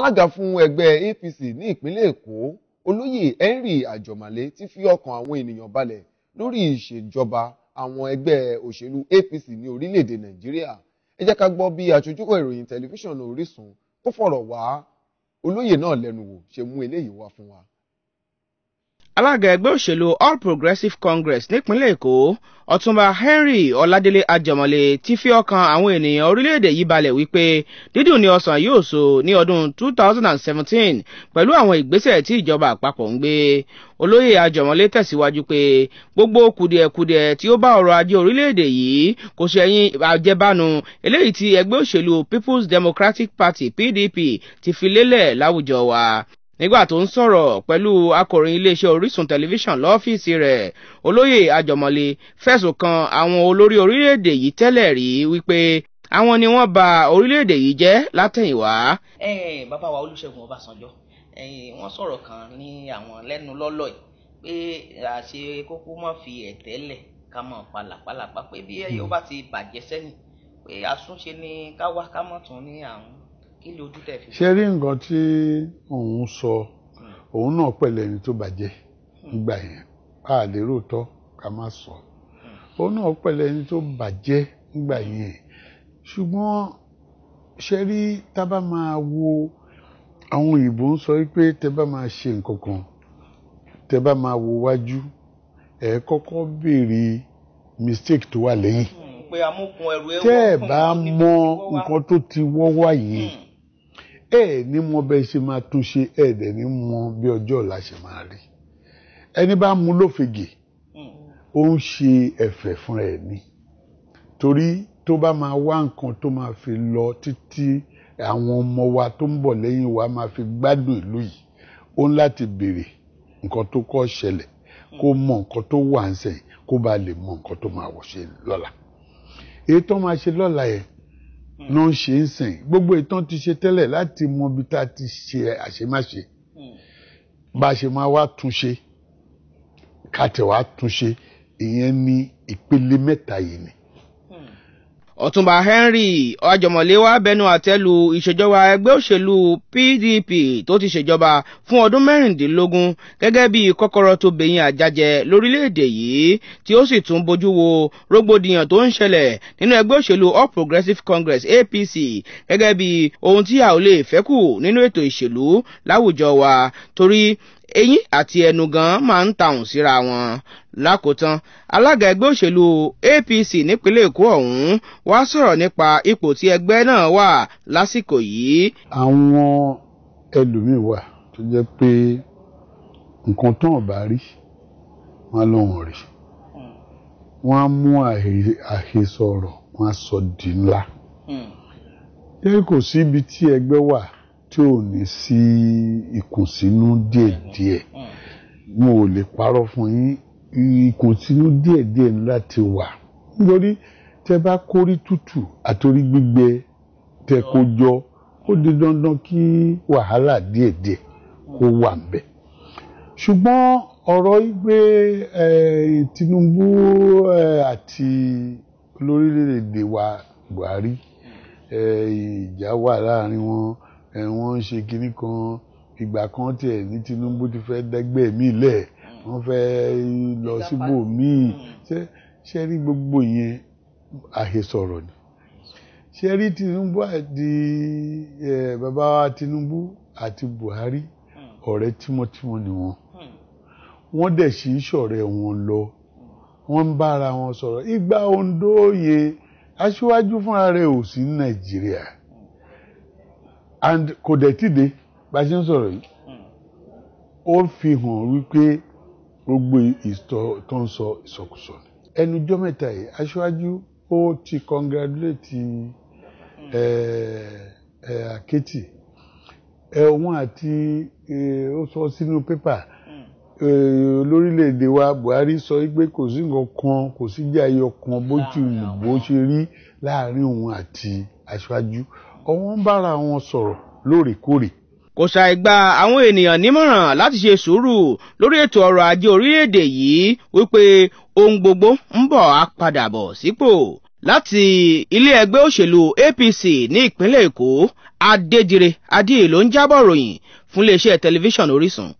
alága fún ẹgbẹ́ APC ní ìpínlẹ̀ Èkó olóyè Henry Àjọmàlé ti fi ọkàn àwọn ènìyàn balẹ̀ lórí ìṣèjọba àwọn ẹgbẹ́ òṣèlú APC ní orílẹ̀-èdè Nàìjíríà ẹ jẹ́ ká gbọ́ bí àjọjúkọ̀ ìròyìn tẹlifíṣàn Orísun tó fọ̀rọ̀ wá olóyè náà lẹ́nu wò ṣe mú eléyìí wá fún wa alága ẹgbẹ́ òṣèlú all progressives congress nípínlẹ̀ èkó ọ̀túnba henry ọládélé àjàmọ̀lé ti fi ọkàn àwọn ènìyàn orílẹ̀-èdè yìí balẹ̀ wípé dídùn ni ọsàn yóò so ní ọdún 2017 pẹ̀lú àwọn ìgbésẹ̀ tí ìjọba àpapọ̀ ń gbé olóyè àjàmọ̀lé tẹ̀síwájú pé gbogbo kùdìẹ̀kudiẹ tí ó bá ọrọ̀ ajé orílẹ̀-èdè yìí kò ṣẹ̀yìn àjẹbánu eléyìí tí ẹgbẹ́ òṣèlú people's democratic party pdp ti fi lélẹ̀ láwùjọ wa nígbà tó ń sọ̀rọ̀ pẹ̀lú akọ̀ròyìn iléeṣẹ́ orísun tẹlifíṣàn lọ́fíìsì rẹ̀ olóyè àjọmọ̀lé fẹ̀sùn kan àwọn olórí orílẹ̀-èdè yìí tẹ́lẹ̀ rí wípé àwọn ni wọ́n ba orílẹ̀-èdè yìí jẹ́ látẹ̀yìnwá. ẹ ẹ bàbá wa olúṣẹ̀gun ọbásanjọ́ wọ́n sọ̀rọ̀ kan ní àwọn lẹ́nu lọ́lọ́ yìí pé àṣe kókó má fi ẹ̀tẹ́ lẹ̀ ká mọ̀ pàlàpàlàpà pé bí ẹ̀yọ́ bá ti bàjẹ́ sẹ́yìn pé àtúnṣe ni ká wá ká mọ̀ tún ní àwọn ṣe rí nǹkan tí òun sọ òun náà pẹ̀lú ẹni tó bàjẹ́ nígbà yẹn a lè róòtọ́ ká má sọ òun náà pẹ̀lú ẹni tó bàjẹ́ nígbà yẹn ṣùgbọ́n ṣe rí tábà máa wo àwọn òyìnbó ń sọ wípé tẹ bá máa ṣe nǹkan kan tẹ bá máa wo wájú ẹ kọ́kọ́ béèrè mistake tó wà lẹ́yìn hmm, tẹ́ ẹ bá mọ nǹkan tó ti wọ́ yìí ẹ ní mọ bẹ́ẹ̀ ṣe máa tún ṣe ẹ dẹ̀ ní mọ bí ọjọ́ ọ̀la ṣe máa rí ẹni bá mú lófegè ó ń ṣe ẹ̀fẹ̀ fún ẹ ní torí tó bá máa wá nǹkan tó máa fi lọ títí àwọn ọmọ wa tó ń bọ̀ lẹ́yìn wa máa fi gbádùn ìlú yìí ó ń láti béèrè nǹkan tó kọ́ ṣẹlẹ̀ kó mọ nǹkan tó wà ń sẹ̀yìn kó bá lè mọ nǹkan tó máa wọ̀ ṣe lọ́la èyí tó máa ṣe lọ́la yẹn ló ń ṣe ń sìn gbogbo ìtàn ti ṣe tẹ́lẹ̀ láti mọ ibi tá a ti ṣe àṣemáṣe bá a ṣe máa wá túnṣe ká tẹ̀ wá túnṣe ìyẹn ní ìpele mẹ́ta yìí ni ọ̀túnba henry ọ̀jọ̀mọ̀lé wá bẹnu àtẹ́lu ìṣèjọba ẹgbẹ́ òṣèlú pdp tó ti ṣèjọba fún ọdún mẹ́rìndínlógún gẹ́gẹ́ bí kọ́kọ́rọ́ tó bẹ̀yìn àjàjẹ lórílẹ̀‐èdè yìí tí ó sì tún bójú wo rògbòdìyàn tó ń ṣẹlẹ̀ nínú ẹgbẹ́ òṣèlú all progressives congress apc gẹ́gẹ́ bí ohun tí a ò lè fẹ́ kù nínú ètò ìṣèlú láwùjọ wa torí eyín àti ẹnu gan máa ń tàùn síra wọn lákòótán alága ẹgbẹ́ òṣèlú apc nípínlẹ̀ èkó ọ̀hún wá sọ̀rọ̀ nípa ipò tí ẹgbẹ́ náà wà lásìkò yìí. àwọn ẹlòmíín wà tó jẹ́ pé nǹkan tán ọ̀bá rí wọn á lọ́wọ́n rí wọn á mú àhesọ̀rọ̀ wọn á sọ di ńlá. ṣé hmm. kò síbi tí ẹgbẹ́ wà. Hmm tí ò ní sí ìkùnsínú díẹ̀díẹ̀ mo ò lè parọ́ fún yín ìkùnsínú díẹ̀díẹ̀ ńlá ti wà nítorí tẹ bá kórí tútù àtòrí gbígbẹ tẹ kó jọ ó di dandan kí wàhálà díẹ̀díẹ̀ kó wà ń ṣùgbọ́n ọ̀rọ̀ ìgbé Tinubu àti olórílẹ̀-èdè wa Buhari ìjà wà láàrin wọn wọ́n ń ṣe kinní kan ìgbà kan tiẹ̀ ní Tinubu ti fẹ́ dẹ́gbẹ́ mi lẹ̀ wọ́n fẹ́ lọ síbò míì hmm. ṣé ṣe rí gbogbo yẹn àhesọ̀rọ̀ ni ṣe rí Tinubu àti bàbá Tinubu àti Buhari hmm. ọ̀rẹ́ tímọ́tímọ́ ni wọ́n hmm. wọ́n dẹ̀ sì ń ṣọ̀rẹ́ wọn lọ wọ́n ń bára wọn sọ̀rọ̀ ìgbà Ondo yẹ aṣíwájú fúnra rẹ̀ ò sí Nàìjíríà and kò dẹ̀ tí de bá a ṣe ń sọ̀rọ̀ yìí ó fi hàn wípé gbogbo ìtọ́ tó ń sọ ìsọkúsọ ni ẹnu jọ́ mẹ́ta yìí aṣáájú ó ti congratulate ẹ ẹ àkẹ́tì ẹ òun àti eh, ó sọ sínú pépà hmm. eh, lórílẹ̀‐èdè wa Buhari sọ pé kò sí nǹkan kan kò sí jẹ́ ayọ̀ kan bó ṣe rí láàrin òun àti aṣáájú wọ́n ń bára wọn sọ̀rọ̀ lóòrèkóòrè. kò ṣàì gba àwọn ènìyàn nímọ̀ràn láti ṣe sùúrù lórí ètò ọrọ̀ ajé orílẹ̀-èdè yìí wípé ohun gbogbo ń bọ̀ á padà bọ̀ sípò. láti ilé ẹgbẹ́ òṣèlú APC ní ìpínlẹ̀ Èkó Adéjire Adéè ló ń jábọ̀ ròyìn fún iléeṣẹ́ tẹlifíṣàn Orísun.